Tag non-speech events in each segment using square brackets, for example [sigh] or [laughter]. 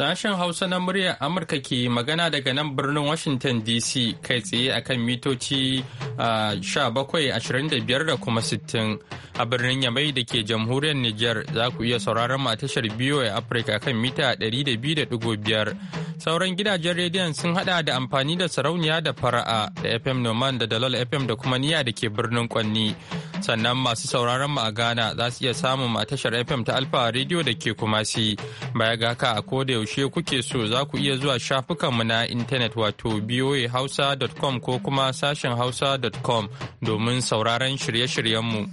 Sashen Hausa na muryar Amurka ke magana daga nan birnin Washington DC kai tsaye akan mitoci a 17 25 da kuma 60 a birnin Yamai da ke jamhuriyar Nijar za ku iya sauraron a tashar biyu a afirka kan mita 200.5. Sauran gidajen rediyon sun hada da amfani da sarauniya da fara'a da FM Noman da dalal FM da kuma niya da ke birnin Kwanni. Sannan masu sauraron mu a Ghana za su iya samun a tashar FM ta Alfa Radio da ke Kumasi. Baya ga haka a koda yaushe kuke so za ku iya zuwa shafukanmu na intanet wato voahausa.com ko kuma sashen hausa.com domin sauraron shirye-shiryenmu.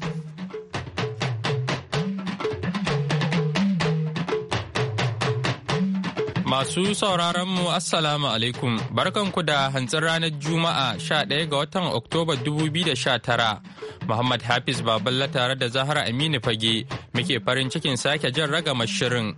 Masu sauraron mu Assalamu alaikum, barkanku da hantsin ranar Juma'a 11 ga watan Oktoba 2019. Muhammad Hafiz Baballa tare da Zahra Aminu Fage muke farin cikin sake jan ragama shirin.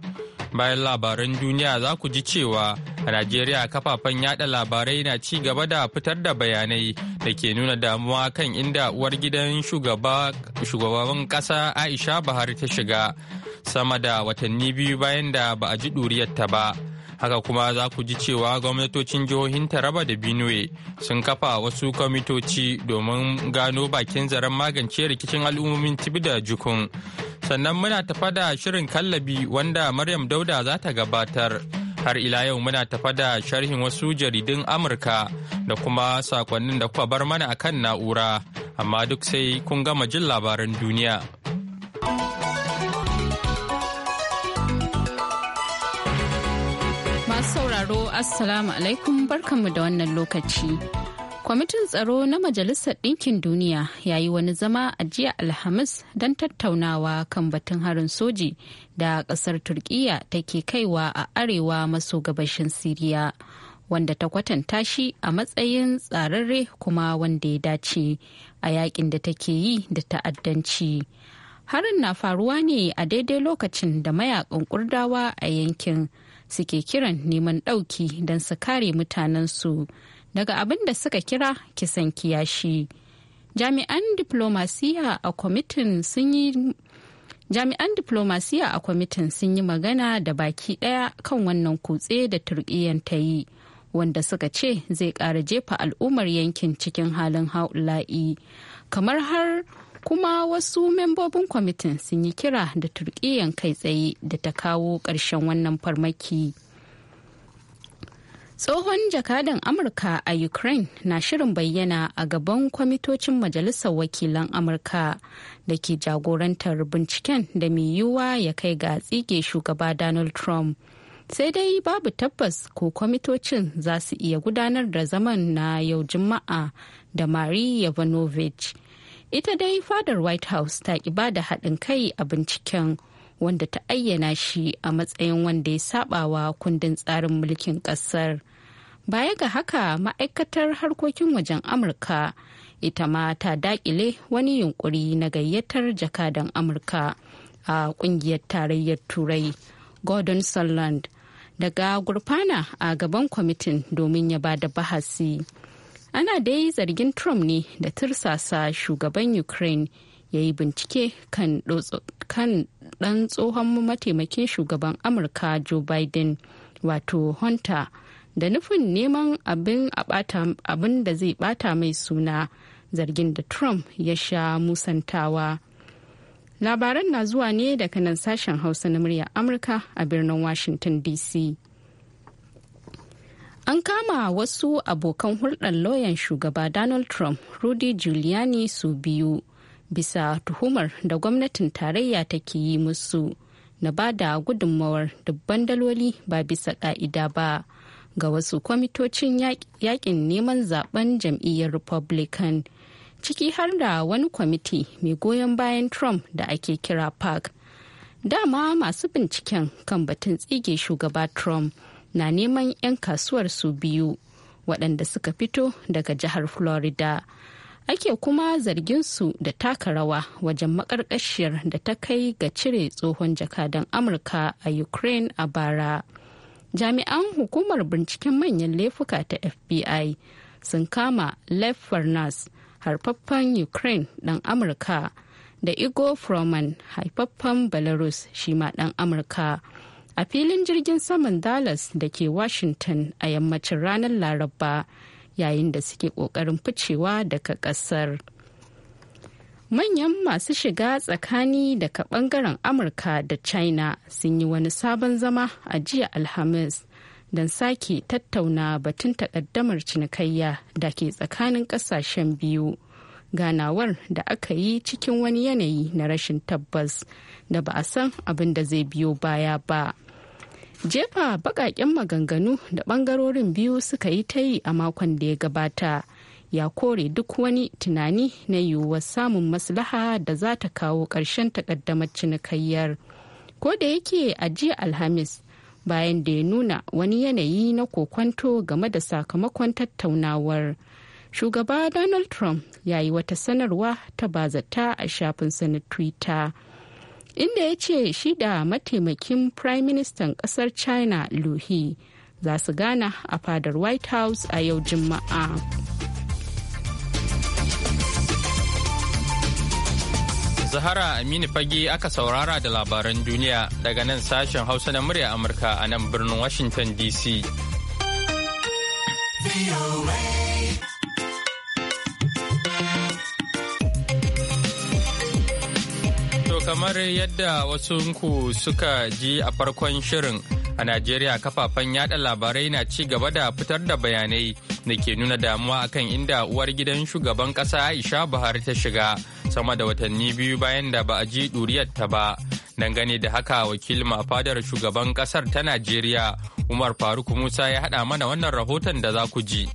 Bayan labaran duniya za ku ji cewa a Najeriya kafafen yada labarai na ci gaba da fitar da bayanai da ke nuna damuwa kan inda uwar gidan shugaban kasa Aisha Buhari ta shiga sama da watanni biyu bayan da ba a ji ɗuriyarta ba. haka kuma za ku ji cewa gwamnatocin jihohin taraba da benue sun kafa wasu kwamitoci domin gano bakin zaren magance rikicin al'ummomin tibi da jukun sannan muna tafa da shirin kallabi wanda maryam dauda za ta gabatar har ila yau muna tafa da sharhin wasu jaridun amurka da kuma sakonnin da kuka bar mana akan na'ura amma duk sai kun gama jin labaran duniya. sauraro Assalamu alaikum barkanmu da wannan lokaci. Kwamitin tsaro na Majalisar Ɗinkin Duniya ya yi wani zama a jiya Alhamis don tattaunawa kan batun harin soji da ƙasar Turkiyya take kaiwa a arewa maso gabashin Siriya. wanda ta kwatanta shi a matsayin tsararre kuma wanda ya dace a yakin da take yi da ta'addanci. Harin na faruwa ne a daidai lokacin da mayakan kurdawa a yankin suke kiran neman ɗauki don su kare mutanensu daga abin da suka kira kisan kiyashi. Jami'an diplomasiya a kwamitin sun yi magana da baki ɗaya kan wannan kutse da turkiyyar ta yi wanda suka ce zai ƙara jefa al'ummar yankin cikin halin haula'i kamar har kuma wasu membobin kwamitin sun yi kira da turkiyan kai tsaye da ta kawo ƙarshen wannan farmaki tsohon jakadan amurka a ukraine na shirin bayyana a gaban kwamitocin majalisar wakilan amurka da ke jagorantar binciken da mai yiwuwa ya kai ga tsige shugaba donald trump sai dai babu tabbas ko kwamitocin za su iya gudanar da zaman na yau juma'a da marie yovanovich ita dai fadar white house ta ki bada haɗin kai a binciken wanda ta ayyana shi a matsayin wanda ya sabawa kundin tsarin mulkin ƙasar baya ga haka ma'aikatar harkokin wajen amurka ita ma ta daƙile wani yunkuri na gayyatar jakadan amurka a ƙungiyar tarayyar turai gordon sunland daga gurfana a gaban kwamitin domin ya ba da bahasi ana dai zargin trump ne da tursasa shugaban ukraine ya yi bincike kan ɗan tsohon mataimakin shugaban amurka joe biden wato hunter da nufin neman abin abin da zai bata mai suna zargin da trump ya sha musantawa labaran na zuwa ne daga nan sashen hausa na murya amurka a birnin washington dc An kama wasu abokan hulɗar lauyan shugaba Donald Trump, Rudy Giuliani su biyu, bisa tuhumar da gwamnatin tarayya take yi musu na ba da gudunmawar dubban daloli ba bisa ƙa'ida ba ga wasu kwamitocin yakin neman zaben jam'iyyar Republican, ciki har da wani kwamiti mai goyon bayan Trump da ake kira PAC. Dama masu binciken kan batun tsige shugaba Trump. na neman 'yan kasuwar su biyu waɗanda suka fito daga jihar florida ake kuma zargin su da taka rawa wajen makarkashiyar da ta kai ga cire tsohon jakadan amurka a ukraine a bara jami'an hukumar binciken manyan laifuka ta fbi sun kama lef farnas harfaffen ukraine ɗan amurka da igor froman haifaffen belarus shi ma dan amurka a filin jirgin saman Dallas da ke Washington a yammacin ranar Laraba yayin da suke kokarin ficewa daga kasar. Manyan masu shiga tsakani daga bangaren Amurka da China sun yi wani sabon zama a jiya Alhamis don sake tattauna batun takaddamar cinikayya da ke tsakanin ƙasashen biyu. ganawar da aka yi cikin wani yanayi na rashin tabbas da ba a san abin da zai biyo baya ba. jefa bakaken maganganu da bangarorin biyu suka yi ta yi a makon da ya gabata ya kore duk wani tunani na yiwuwar samun maslaha da za ta kawo ƙarshen takaddamar cinikayyar ko da yake a jiya alhamis bayan da ya nuna wani yanayi na kokwanto game da sakamakon tattaunawar shugaba donald trump ya yi wata sanarwa ta bazata a shafinsa na twitter inda ya ce shi da mataimakin prime minister kasar china luhi za su gana a fadar white house a yau juma'a Zahara Aminu Fage aka saurara da labaran duniya daga nan sashen Hausa na murya Amurka a nan birnin Washington DC. kamar yadda wasu ku suka ji a farkon shirin a najeriya kafafen yada labarai na ci gaba da fitar da bayanai da ke nuna damuwa akan inda uwar gidan shugaban kasa aisha buhari ta shiga sama da watanni biyu bayan da ba a ji ɗuriyarta ba dangane da haka wakil fadar shugaban kasar ta najeriya umar faruk musa ya haɗa mana wannan rahoton da za ku ji.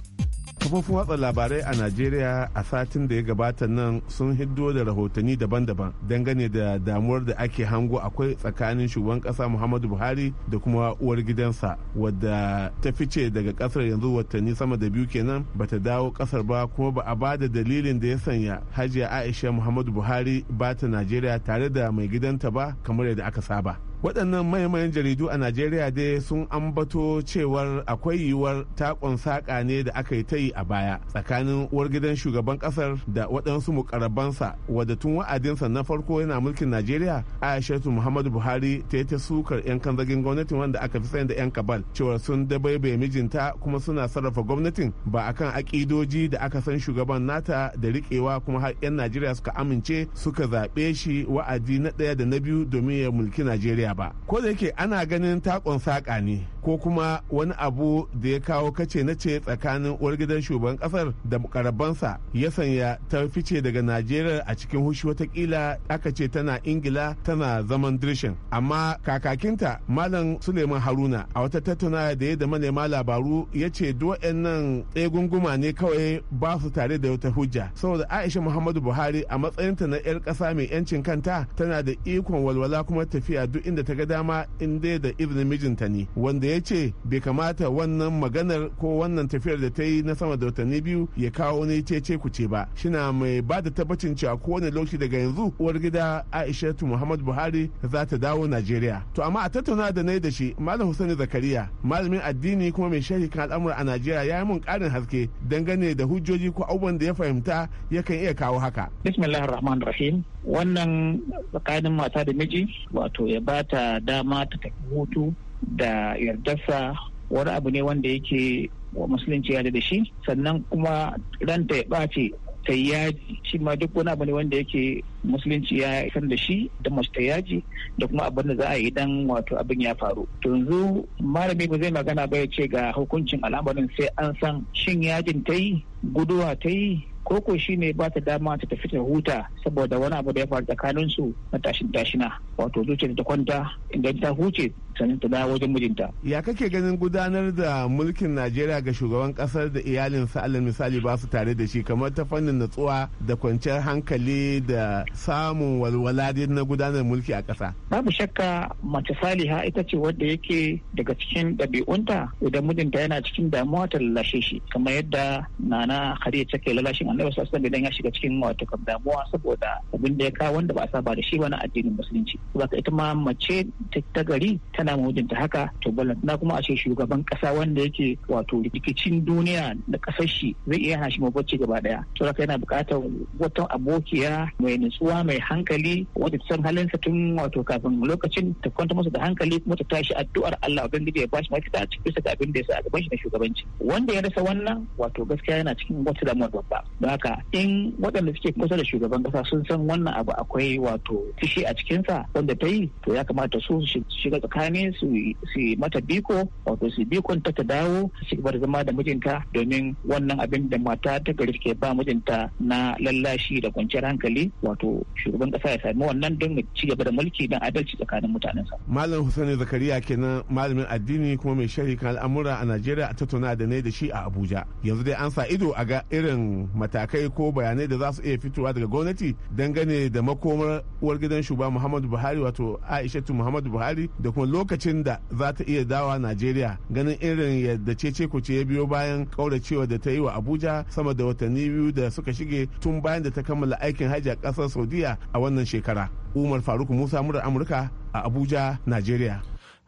kafofin watsa labarai a najeriya a satin da ya gabata nan sun hiddo da rahotanni daban-daban dangane da damuwar da ake hango akwai tsakanin shugaban kasa muhammadu buhari da kuma uwar gidansa wadda ta fice daga kasar yanzu watanni sama da biyu kenan bata dawo kasar ba kuma ba a ba da dalilin da ya sanya hajiya aisha muhammadu buhari ba ta najeriya tare da mai gidanta ba kamar yadda aka saba waɗannan maimayan jaridu a najeriya dai sun ambato cewar akwai yiwuwar takon saƙa ne da aka yi ta yi a baya tsakanin uwar gidan shugaban ƙasar da waɗansu mukarabansa wadda tun wa'adinsa na farko yana mulkin najeriya aishatu muhammadu buhari ta yi ta sukar 'yan kanzagin gwamnatin wanda aka fi sani da 'yan kabal cewar sun dabaibaye mijinta kuma suna sarrafa gwamnatin ba kan aƙidoji da aka san shugaban nata da riƙewa kuma har 'yan najeriya suka amince suka zaɓe shi wa'adi na ɗaya da na biyu domin ya mulki najeriya ba ko da yake ana ganin takon saƙa ne ko kuma wani abu da ya kawo kace na ce tsakanin uwar gidan shugaban kasar da karabansa ya sanya ta fice daga najeriya a cikin hushi watakila aka ce tana ingila tana zaman dirshin amma kakakinta malam suleiman haruna a wata tattauna da ya da manema labaru ya ce nan tsegunguma ne kawai ba su tare da wata hujja saboda aisha muhammadu buhari a matsayinta na 'yar ƙasa mai 'yancin kanta tana da ikon walwala kuma tafiya duk da ta ga dama in dai da izinin mijinta ne wanda ya ce bai kamata wannan maganar ko wannan tafiyar da ta yi na sama da watanni biyu ya kawo ne cece kuce ba shina mai ba da tabbacin cewa kowane lokaci daga yanzu uwar gida aishatu muhammad buhari za ta dawo najeriya to amma a tattauna da nai da shi malam hussein zakariya malamin addini kuma mai sharhi kan al'amura a najeriya ya yi mun karin haske dangane da hujjoji ko abubuwan da ya fahimta yakan iya kawo haka bismillahir rahmanir rahim wannan tsakanin mata da miji wato ya ba ta dama ta tafi hutu da yardarsa wani abu ne wanda yake wa musulunci ya da shi sannan kuma ranta ya ɓace ta yaji shi ma duk wani abu ne wanda yake musulunci ya isar da shi da mace ta yaji da kuma abin da za a yi dan wato abin ya faru to yanzu malami ba zai magana ba ya ce ga hukuncin al'amarin sai an san shin yajin ta yi guduwa ta yi koko shi ne ba ta dama ta tafi ta huta saboda wani abu da ya faru tsakanin su na tashin tashina wato zuciya ta kwanta idan ta huce sanin ta dawo wajen mijinta. Ya kake ganin gudanar da mulkin Najeriya ga shugaban kasar da iyalin sa'alin misali ba su tare da shi kamar ta fannin natsuwa da kwanciyar hankali da samun walwala na gudanar mulki a ƙasa. Babu shakka mace saliha ita ce wadda yake daga cikin ɗabi'unta idan mijinta yana cikin damuwa ta lalashe shi kamar yadda nana Khadija take lalashin Annabi sallallahu alaihi idan ya shiga cikin wato damuwa saboda abin da ya kawo wanda ba a saba da shi ba na addinin musulunci. ba ka ita ma mace ta gari ta kana mutunta haka to na kuma a ce shugaban kasa wanda yake wato rikicin duniya na kasar shi zai iya hana shi mabacci gaba daya to haka yana bukatar wata abokiya mai nutsuwa mai hankali wadda ta san halinsa tun wato kafin lokacin ta kwanta masa da hankali kuma ta tashi addu'ar Allah ubangiji ya bashi mafita a cikin saka abin da ya sa a gaban shi na shugabanci wanda ya rasa wannan wato gaskiya yana cikin wata damuwa babba don haka in waɗanda suke kusa da shugaban kasa sun san wannan abu akwai wato fishi a cikinsa wanda ta yi to ya kamata su shiga tsakanin mutane su si mata biko wato su bikon ta ta dawo su bar zama da mijinta domin wannan abin da mata ta gari ke ba mijinta na lallashi da kwanciyar hankali wato shugaban kasa ya sami wannan don ci gaba da mulki don adalci tsakanin mutanen sa. Malam Hussein Zakariya kenan malamin addini kuma mai sharikan al'amura a Najeriya a tattauna da ne da shi a Abuja. Yanzu dai an sa ido a ga irin matakai ko bayanai da za su iya fitowa daga gwamnati dangane da makomar uwar gidan shugaba Muhammadu Buhari wato Aishatu Muhammadu Buhari da kuma lokacin. lokacin da za ta iya dawa najeriya ganin irin yadda cece kuce ya biyo bayan kauracewa da ta yi wa abuja sama da watanni biyu da suka shige tun bayan da ta kammala aikin hajji a kasar saudiya a wannan shekara umar faruk musa murar amurka a abuja najeriya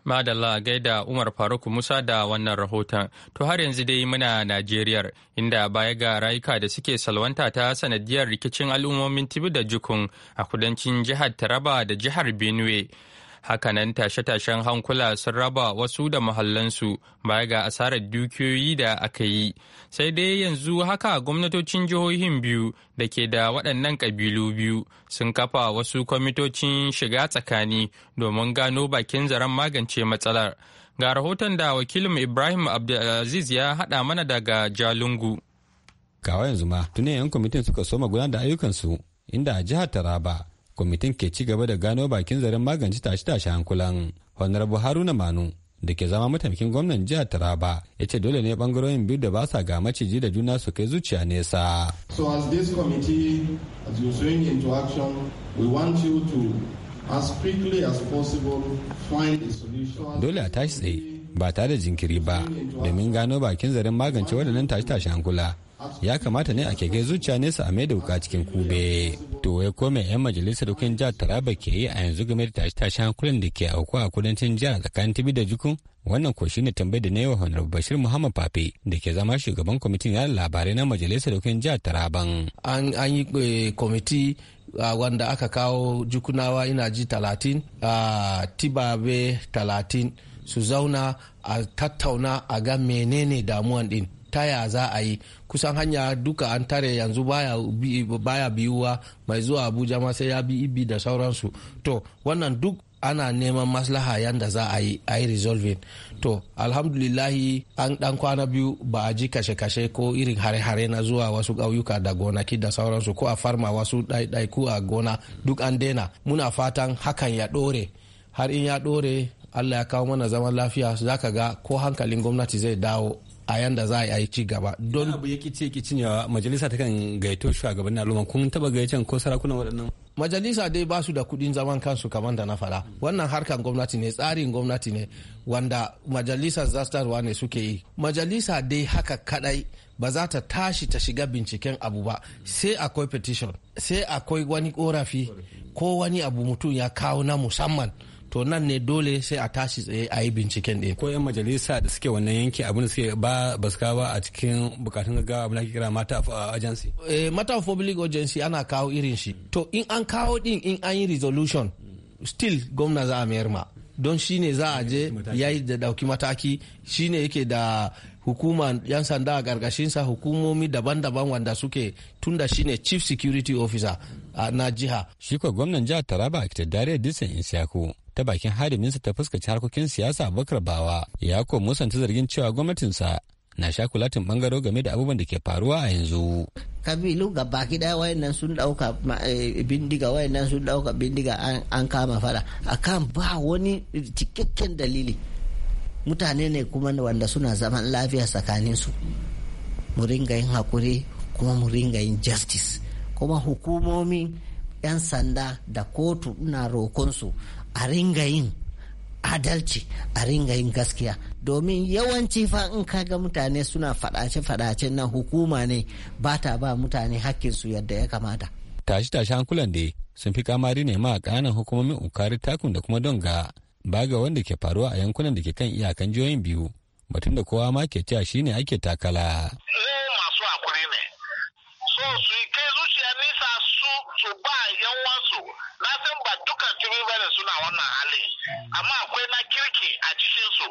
Madalla gaida Umar Faruk Musa da wannan rahoton. To har yanzu dai muna Najeriya inda baya ga rayuka da suke salwanta ta sanadiyar rikicin al'ummomin Tibi da Jukun a kudancin jihar Taraba da jihar Benue. hakanan tashe-tashen hankula sun raba wasu da mahallansu baya ga asarar dukiyoyi da aka yi sai dai yanzu haka gwamnatocin jihohin biyu da ke da waɗannan ƙabilu biyu sun kafa wasu kwamitocin shiga tsakani domin gano bakin zaren magance matsalar ga rahoton da wakilin ibrahim abdulaziz ya haɗa mana daga jalungu kawai yanzu ma tuni 'yan kwamitin suka soma gudanar da ayyukansu inda a jihar taraba kwamitin ke ci gaba da gano bakin zaren magance tashe-tashe hankulan honorable haruna manu da ke zama mataimakin gwamnan jihar taraba ya ce dole ne bangarorin biyu da ba sa ga maciji da juna su kai zuciya nesa so dole a tashi tsaye ba tare da jinkiri ba domin gano bakin zaren magance waɗannan tashe-tashen hankula ya kamata ne a kege zuciya nesa a mai da wuka cikin kube to ya kome yan majalisar dokokin jihar taraba ke yi a yanzu game da tashe-tashen hankulan da ke auku a kudancin jihar tsakanin tibi da jukun wannan ko shine tambayar da na yi wa honorable bashir muhammad fafe da ke zama shugaban kwamitin yada labarai na majalisar dokokin jihar taraban an yi eh, kwamiti ah, wanda aka kawo jukunawa ina ji talatin a ah, tibabe talatin su zauna a tattauna a ga menene damuwan din taya za a yi kusan hanya duka an tare yanzu baya, baya biyuwa mai zuwa abuja ma sai ya bi ibi da sauransu to wannan duk ana neman maslaha yanda za a yi a yi resolving to alhamdulillahi an dan kwana biyu ba a ji kashe-kashe ko irin hare-hare na zuwa wasu ƙauyuka da gonaki da sauransu ko a farma wasu ɗaiɗaiku a gona duk an daina muna fatan hakan ya ɗore har in ya ɗore allah ya kawo mana zaman lafiya za ka ga ko hankalin gwamnati zai dawo a yanda za a yi ci gaba don abu yake ce ki cinyawa majalisa ta kan gaito shugabannin al'umma kun taba gaicen ko sarakunan waɗannan majalisa dai ba su da kuɗin zaman kansu kamar da na fara wannan harkar gwamnati ne tsarin gwamnati ne wanda majalisa zastarwa ne suke yi majalisa dai haka kadai ba za ta tashi ta shiga binciken abu ba sai akwai petition sai akwai wani korafi ko wani abu mutum ya kawo na musamman to nan ne dole sai a tashi tsaye a yi binciken ɗin. ko 'yan majalisa da suke wannan yanki abin da suke ba ba a cikin bukatun gaggawa abin da ake kira mata agency. Uh, eh mata public agency ana kawo irin shi to in an kawo din in an yi resolution still gwamna za a mayar ma don shine za a je ya yi da dauki mataki shine yake da hukuma yan sanda a sa hukumomi daban-daban wanda suke tunda shine chief security officer uh, na jiha. Shi gwamnan jihar Taraba a Kitadare Disan Isiyaku ta bakin hadiminsa ta fuskaci harkokin siyasa bakar bawa ya ko musanta zargin cewa gwamnatinsa na sha shakulatin bangaro game da abubuwan da ke faruwa a yanzu kabilu ga baki daya wayannan sun dauka eh, bindiga wayannan sun dauka bindiga an kama fara akan ba wani cikakken dalili mutane ne kuma wanda suna zaman lafiya tsakanin su mu ringa yin hakuri kuma mu ringa yin justice kuma hukumomin 'yan sanda da kotu na rokonsu a ringa yin adalci a ringa yin gaskiya domin yawanci fa in ga mutane suna fadace-fadace na hukuma ne ba ta ba mutane su yadda ya kamata tashi-tashi hankulan da sun fi kamari ne ma a ƙananan hukumomin ukari takun da kuma donga ba ga wanda ke faruwa a yankunan da ke kan iyakan jihohin biyu batun da kowa ma ke cewa shine ake takala masu ne so su kai zuciya nisa su ba amma akwai na kirki a cikin su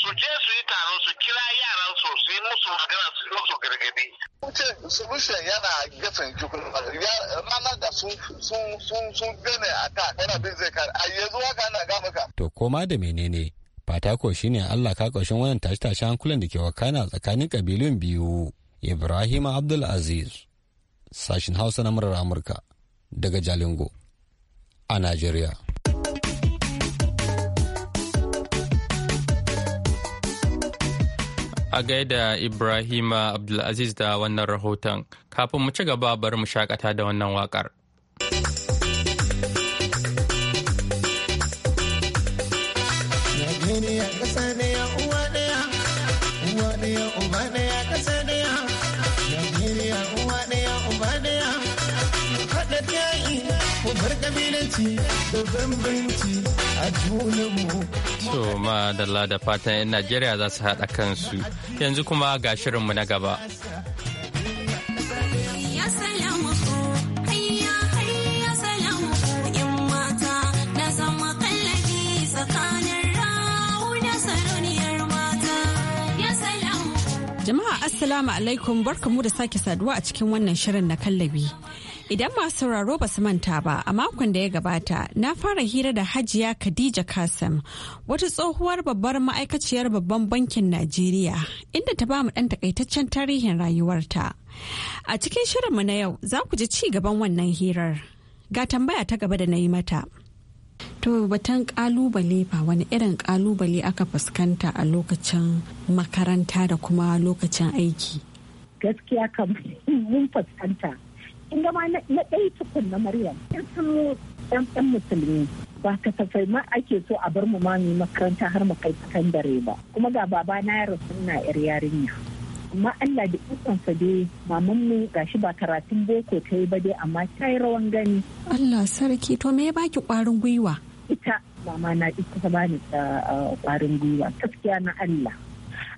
su je su yi taro su kira yaran su su yi musu magana su yi musu gargadi. Wuce solution yana gefen jukun ranar da sun gane a ta yana bin zai kare a yanzu haka ana gama ka. To koma da menene fatako shine Allah ka ƙarshen wannan tashi-tashi hankulan da ke wakana tsakanin kabilun biyu. Ibrahim Abdul Aziz, sashin Hausa na murar Amurka daga Jalingo a Najeriya. A gaida Ibrahima Abdulaziz da wannan rahoton, kafin mu ci gaba bari mu shakata da wannan wakar. mu bar kabilanci da bambanci a junanmu. da fatan 'yan Najeriya za su haɗa kansu yanzu kuma ga shirinmu na gaba. Jama'a Assalamu alaikum barkamu da sake saduwa a cikin wannan shirin na kallabi. Idan masu sauraro ba su manta ba a makon da ya gabata na fara hira da Hajiya Khadija Kasim wata tsohuwar babbar ma'aikaciyar babban bankin Najeriya inda ta ba mu ɗan takaitaccen tarihin rayuwarta. A cikin shirinmu na yau za ku ji ci gaban wannan hirar. Ga tambaya ta gaba da na yi mata. To batan kalubale ba wani irin kalubale aka fuskanta a lokacin makaranta da kuma lokacin aiki. Gaskiya kam [laughs] mun fuskanta. in gama na ɗaya tukun na maryam in sun ɗan ɗan musulmi ba kasafai ma ake so a bar mu mami makaranta har mu kai sakandare ba kuma ga baba na ya rasu na yar yarinya amma Allah da ikonsa dai maman mu gashi ba karatun boko ta yi ba dai amma ta yi rawan gani Allah sarki to me ya baki kwarin gwiwa ita mama na ita ta bani kwarin ah, ah, gwiwa gaskiya na Allah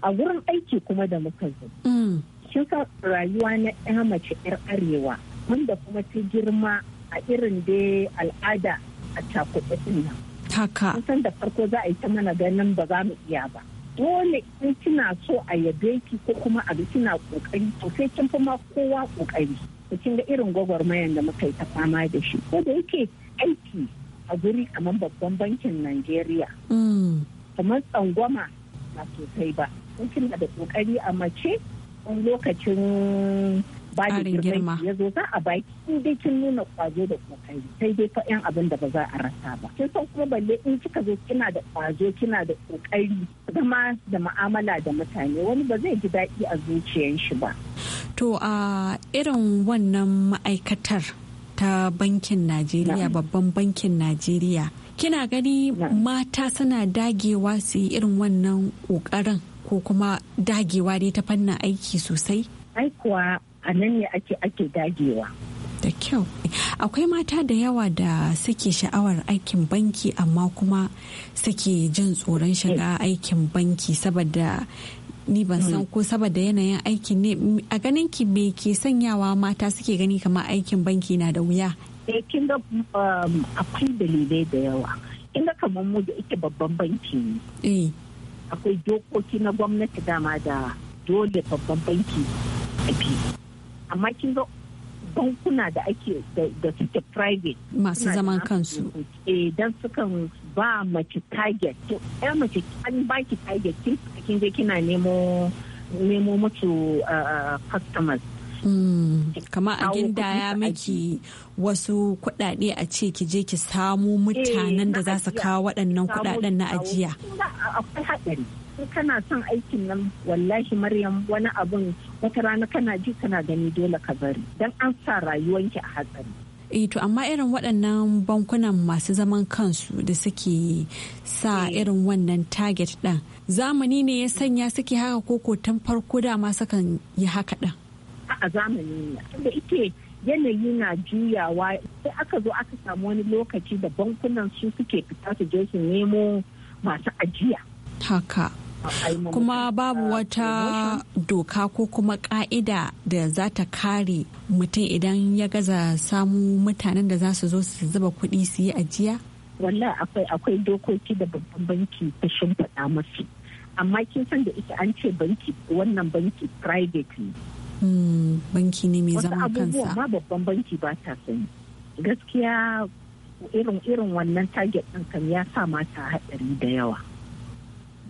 a wurin aiki kuma da muka zo mm. kin rayuwa na ya mace yar arewa da kuma ta girma a irin da al'ada a cakuɗin nan. Haka. Kusan da farko za a yi ta mana ganin ba za mu iya ba. Dole in kina so a yabe ki ko kuma a kina kokari to sai kin fi ma kowa kokari. Kin ga irin gwagwarmayan da muka yi ta fama da shi. Ko da yake aiki a guri kamar babban bankin Najeriya. Mm. Kamar tsangwama ba sosai ba. kina da kokari a mace wani lokacin ba da girma ya zo za a baki in dai kin nuna kwazo da kokari sai dai fa yan abin da ba za a rasa ba kin san kuma balle in kika zo kina da kwazo kina da kokari zama da mu'amala da mutane wani ba zai ji daɗi a zuciyar shi ba to a irin wannan ma'aikatar ta bankin najeriya babban bankin najeriya kina gani mata suna dagewa su yi irin wannan kokarin ko kuma dagewa dai ta fannin aiki sosai ai kuwa a nan ne ake ake dagewa da kyau akwai mata da yawa da suke sha'awar aikin banki amma kuma suke jin tsoron shiga eh. aikin banki saboda ni ban san hmm. ko saboda yanayin aikin ne a ganin ki me ke sanyawa mata suke gani kamar aikin banki na da wuya eh kin um, akwai dalilai da yawa kin ga kamar mu da ita babban banki ne eh. akwai dokoki na gwamnati dama da dole babban banki a amma kin ga bankuna da ake da suke private masu zaman kansu eh dan sukan ba mace target to ɗaya mace an baki target kin kin je kina nemo nemo mutu customers hmm, kamar a ginda ya miki wasu kuɗaɗe a ce ki je ki samu eh, mutanen da za su kawo waɗannan kuɗaɗen na ajiya akwai haɗari in kana son aikin nan wallahi maryam wani abun wata rana kana ji kana gani dole ka bari dan an sa rayuwanki a hatsari eh to amma irin waɗannan bankunan masu zaman kansu da suke sa eh. irin wannan target ɗin zamani ne ya sanya suke haka koko tun farko dama sukan yi haka ɗin a zamani ne da ike yanayi na juyawa sai aka zo aka samu wani lokaci da bankunan su suke fita su je su nemo masu ajiya haka kuma babu wata doka ko kuma ka'ida da za ta kare mutum idan ya gaza samu mutanen da za su zo su zuba kuɗi su yi ajiya wallah akwai akwai dokoki da babban banki ta shimfiɗa masu amma kin san da ita an ce banki wannan banki private ne hmm, banki ne mai zama kansa wasu abubuwa ma babban banki ba ta sani gaskiya irin irin wannan target ɗin kan ya sa mata haɗari da yawa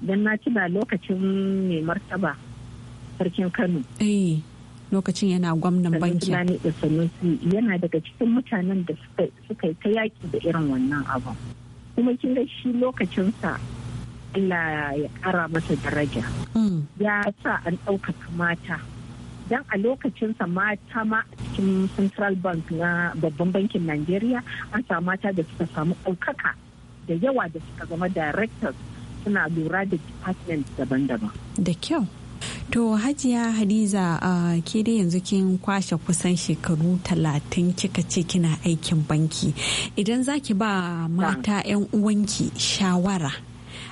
don na tuna lokacin mai martaba sarkin kano eh lokacin yana gwamnan banki da sanusi yana daga cikin mutanen da suka yi ta yaki da irin wannan abu kuma kin ga shi lokacinsa Allah ya kara masa daraja hmm. ya sa an ɗaukaka mata dan a lokacinsa mata ma cikin central bank na babban bankin nigeria an samu mata da suka samu ɗaukaka da yawa da suka zama directors suna lura da department daban-daban da kyau to hajiya hadiza uh, ke dai yanzu kin kwashe kusan shekaru talatin kika ce kina aikin banki idan zaki ba mata 'yan uwanki shawara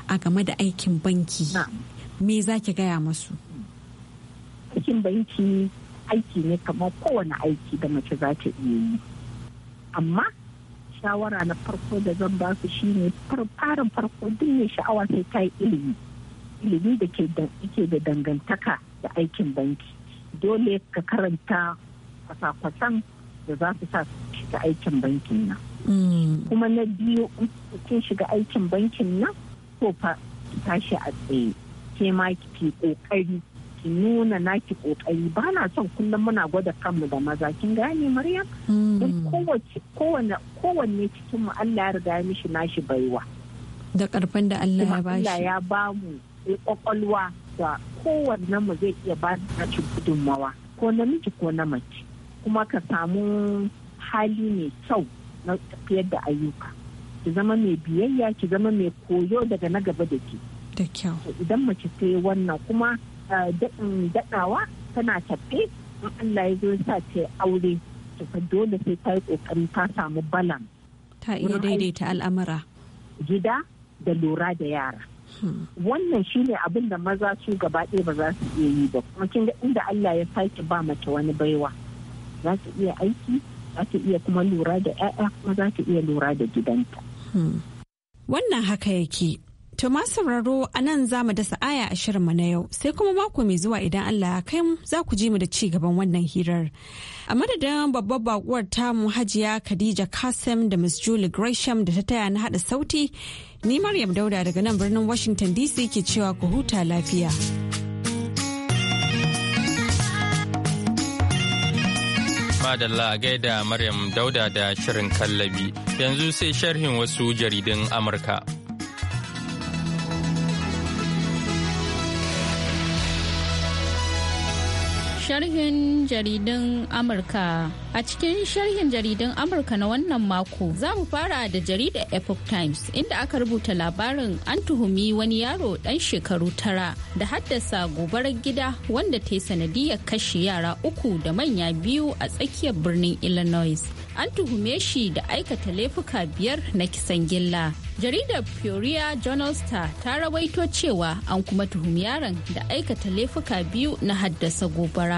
a game da aikin banki me zaki gaya masu aikin banki aiki ne kamar kowane aiki da mace za ta iya yi amma shawara na farko da zan ba su shine farin farko duk mai sha'awa sai ta yi ilimi ilimi da ke da dangantaka da aikin banki dole ka karanta kwasa-kwasan da za su sa shiga aikin bankin nan hmm. kuma na biyu kin shiga aikin bankin nan ko fa tashi a tsaye ke ma ki kokari ki nuna naki kokari ba na son kullum muna gwada kanmu da maza kin gane maryam hmm. don kowace kowanne kowanne cikin mu Allah ya riga mishi nashi baiwa da karfin da Allah ya bashi Allah ya ba mu kwakwalwa da kowanne mu zai iya ba nashi gudunmawa ko namiji ko na mace kuma ka samu hali mai kyau na tafiyar da ayyuka ki zama mai biyayya ki zama mai koyo daga na gaba da ke da kyau idan mace ta yi wannan kuma daɗin daɗawa tana tafe in Allah ya zo sa ce aure to fa dole sai ta yi ƙoƙarin ta samu balan. Ta iya daidaita al'amura. Gida da lura da yara. Hmm. Wannan shi ne abin da maza su gaba ɗaya ba za su iya yi ba kuma kin ga inda Allah ya sake ba mace wani baiwa. Za ta iya aiki, za ta iya kuma lura da 'ya'ya kuma za ta iya lura da gidanta. Hmm. Wannan haka yake To masu sauraro a nan za mu dasa aya a shirinmu na yau sai kuma mako mai zuwa idan Allah ya kai mu za ku ji mu da ci gaban wannan hirar. A madadin babbar bakuwar tamu hajiya Khadija Kasim da Miss Julie Gresham da ta taya na haɗa sauti, ni Maryam Dauda daga nan birnin Washington DC ke cewa ku huta lafiya. Madalla gaida Maryam Dauda da shirin kallabi yanzu sai sharhin wasu jaridun Amurka. sharhin jaridun Amurka. A cikin sharhin jaridan Amurka na wannan mako za mu fara da jaridar Epoch Times inda aka rubuta labarin an tuhumi wani yaro dan shekaru tara da haddasa gobarar gida wanda ta yi sanadiyar kashe yara uku da manya biyu a tsakiyar birnin Illinois. An tuhume shi da aikata laifuka biyar na kisan gilla. Jaridar Peoria Journal Star ta rawaito cewa an kuma tuhumi yaron da aikata laifuka biyu na haddasa gobara.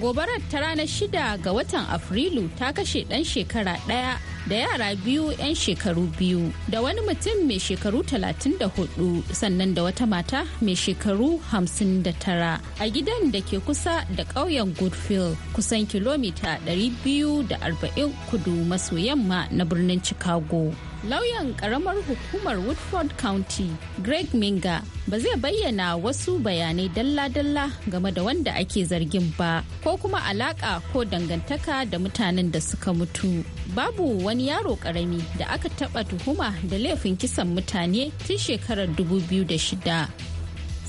gobarar ta rana shida ga watan afrilu ta kashe ɗan shekara ɗaya da yara biyu 'yan shekaru biyu da wani mutum mai shekaru 34 sannan da wata mata mai shekaru 59 a gidan da ke kusa da ƙauyen goodfield kusan kilomita 240 kudu maso yamma na birnin chicago lauyan karamar hukumar woodford county greg minga ba zai bayyana wasu bayanai dalla-dalla game da wanda ake zargin ba ko kuma alaka ko dangantaka da mutanen da suka mutu babu wani yaro karami da aka taba tuhuma da laifin kisan mutane tun shekarar 2006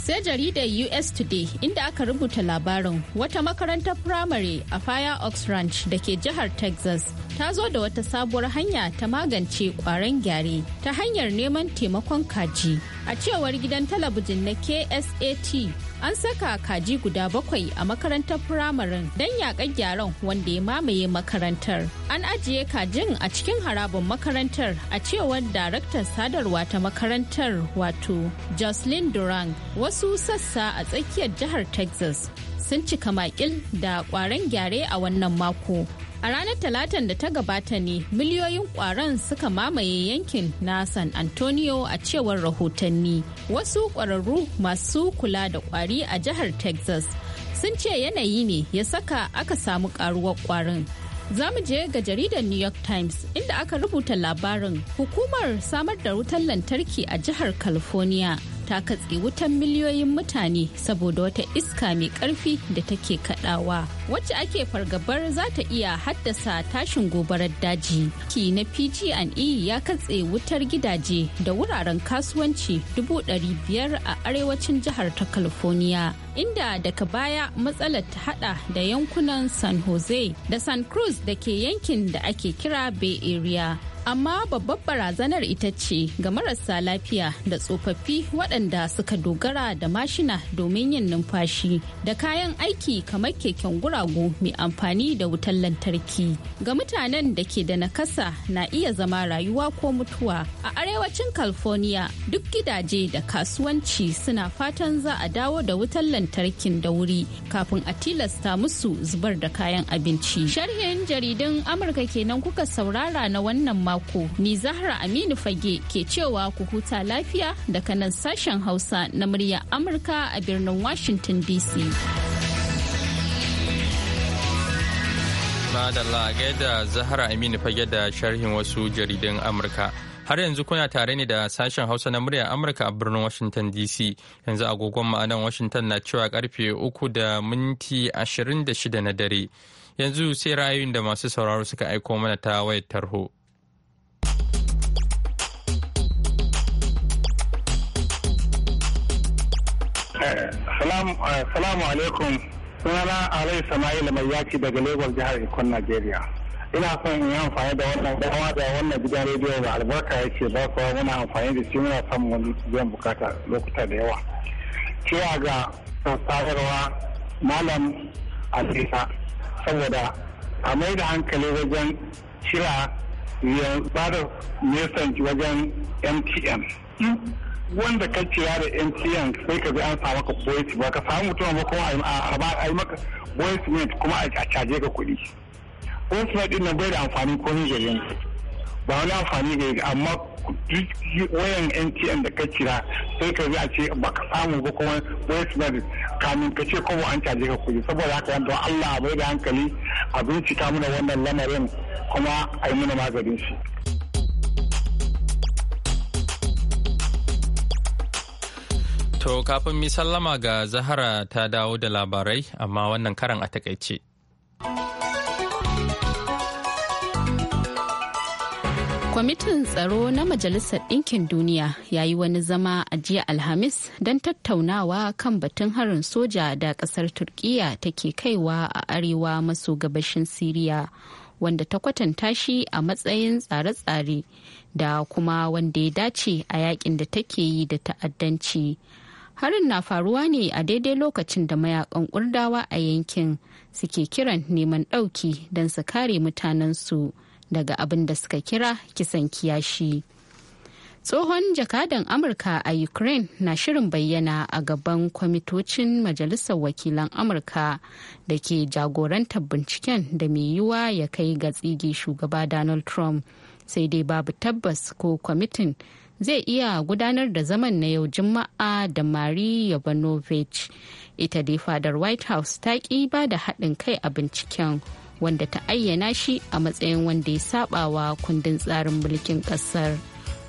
sai jaridar us today inda aka rubuta labarin wata makarantar firamare a fire ox ranch da ke jihar texas ta zo da wata sabuwar hanya ta magance kwaran gyare ta hanyar neman taimakon kaji a cewar gidan talabijin na ksat an saka kaji guda bakwai a makarantar firamaren don yaƙar gyaran wanda ya mamaye makarantar an ajiye kajin a cikin harabin makarantar a cewar daraktan sadarwa ta makarantar wato jocelyn durang wasu sassa a tsakiyar jihar texas sun cika makil da kwaran gyare a wannan mako A ranar Talatan da ta gabata ne miliyoyin kwaron suka mamaye yankin na San Antonio a cewar rahotanni. Wasu kwararru masu kula da kwari a jihar Texas sun ce yanayi ne ya saka aka samu karuwar kwarin. Za mu je ga jaridar New York Times inda aka rubuta labarin hukumar samar da wutar lantarki a jihar California ta katse wutan miliyoyin mutane saboda wata iska mai karfi da take kadawa wacce ake fargabar za ta iya haddasa tashin gobarar daji ki na pg&e ya katse wutar gidaje da wuraren kasuwanci dubu biyar a arewacin jihar ta california inda daga baya matsalar ta hada da yankunan san jose da san cruz da ke yankin da ake kira bay area amma babbar barazanar ita ce ga marasa lafiya da tsofaffi waɗanda suka dogara da mashina domin yin numfashi da kayan aiki kamar keken guragu mai amfani da wutar lantarki ga mutanen da ke da nakasa na iya zama rayuwa ko mutuwa a arewacin california duk gidaje da kasuwanci suna fatan za a dawo da wutar lantarkin da wuri kafin a tilasta musu zubar da kayan abinci sharhin jaridun amurka kenan kuka saurara na wannan mako mako. Ni Zahra Aminu Fage ke cewa ku huta lafiya daga nan sashen Hausa na murya Amurka a birnin Washington DC. Madalla da Zahra Aminu Fage da sharhin wasu jaridun Amurka. Har yanzu kuna tare ne da sashen Hausa na murya Amurka a birnin Washington DC. Yanzu agogon ma'anan Washington na cewa karfe uku da minti 26 na dare. Yanzu sai ra'ayoyin da masu sauraro suka aiko mana ta wayar tarho. Eh, salamu alaikum. Sunana Alai Sama'il mai yaki daga Lagos jihar Ikon Najeriya. Ina son in yi amfani da wannan dama da wannan gidan rediyo da albarka yake ba kuwa muna amfani da shi muna samun biyan bukata lokuta da yawa. Cewa ga sadarwa Malam Alisa saboda a mai da hankali wajen cira ya ba da wajen mtm wanda ka ciya da MTN sai ka bi an sa maka voice ba ka samu mutum ba kuma a yi maka voice mate kuma a caje ka kuɗi. Voice mate ɗin nan bai da amfani ko ni gari ba wani amfani gari amma wayan MTN da ka cira sai ka bi a ce ba ka samu ba kuma voice mint kamin ka ce kuma an caje ka kuɗi saboda haka yanzu Allah bai da hankali a bincika mana wannan lamarin kuma a yi mana maganin shi. To kafin mi ga Zahara ta dawo da labarai amma wannan karan a takaice. Kwamitin tsaro na Majalisar Ɗinkin Duniya ya yi wani zama a jiya Alhamis don tattaunawa kan batun harin soja da ƙasar Turkiyya take kaiwa a arewa maso gabashin Siriya. wanda ta kwatanta shi a matsayin tsare-tsare da kuma wanda ya dace a yakin da take yi da ta'addanci harin na faruwa ne a daidai lokacin da mayakan kurdawa a yankin suke kiran neman ɗauki don su kare mutanensu daga abin da suka kira kisan kiyashi tsohon jakadan amurka a ukraine na shirin bayyana a gaban kwamitocin majalisar wakilan amurka da ke jagorantar binciken da mai yiwuwa ya kai ga tsige shugaba donald trump sai dai babu tabbas ko kwamitin zai iya gudanar da zaman na yau juma'a da mari yovanovich ita dai fadar white house ta ƙi ba da haɗin kai a binciken wanda ta ayyana shi a matsayin wanda ya sabawa kundin tsarin mulkin ƙasar.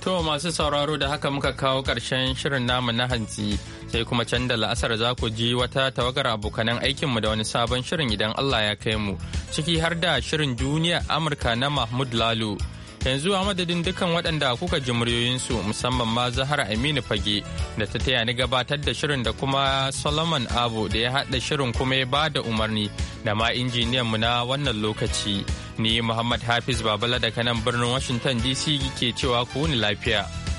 To masu sauraro da haka muka kawo ƙarshen shirin namu na hantsi sai kuma can da la'asar za ku ji wata tawagar abokanan aikinmu da wani sabon shirin idan Allah ya kai mu ciki har da shirin duniya Amurka na Mahmud Lalo. yanzu a madadin dukkan waɗanda kuka ji muryoyinsu musamman ma zahara aminu fage da ta taya ni gabatar da shirin da kuma solomon abu da ya haɗa shirin kuma ya ba da umarni da ma injiniyan mu na wannan lokaci ni muhammad hafiz babala daga nan birnin washington dc ke cewa ku wuni lafiya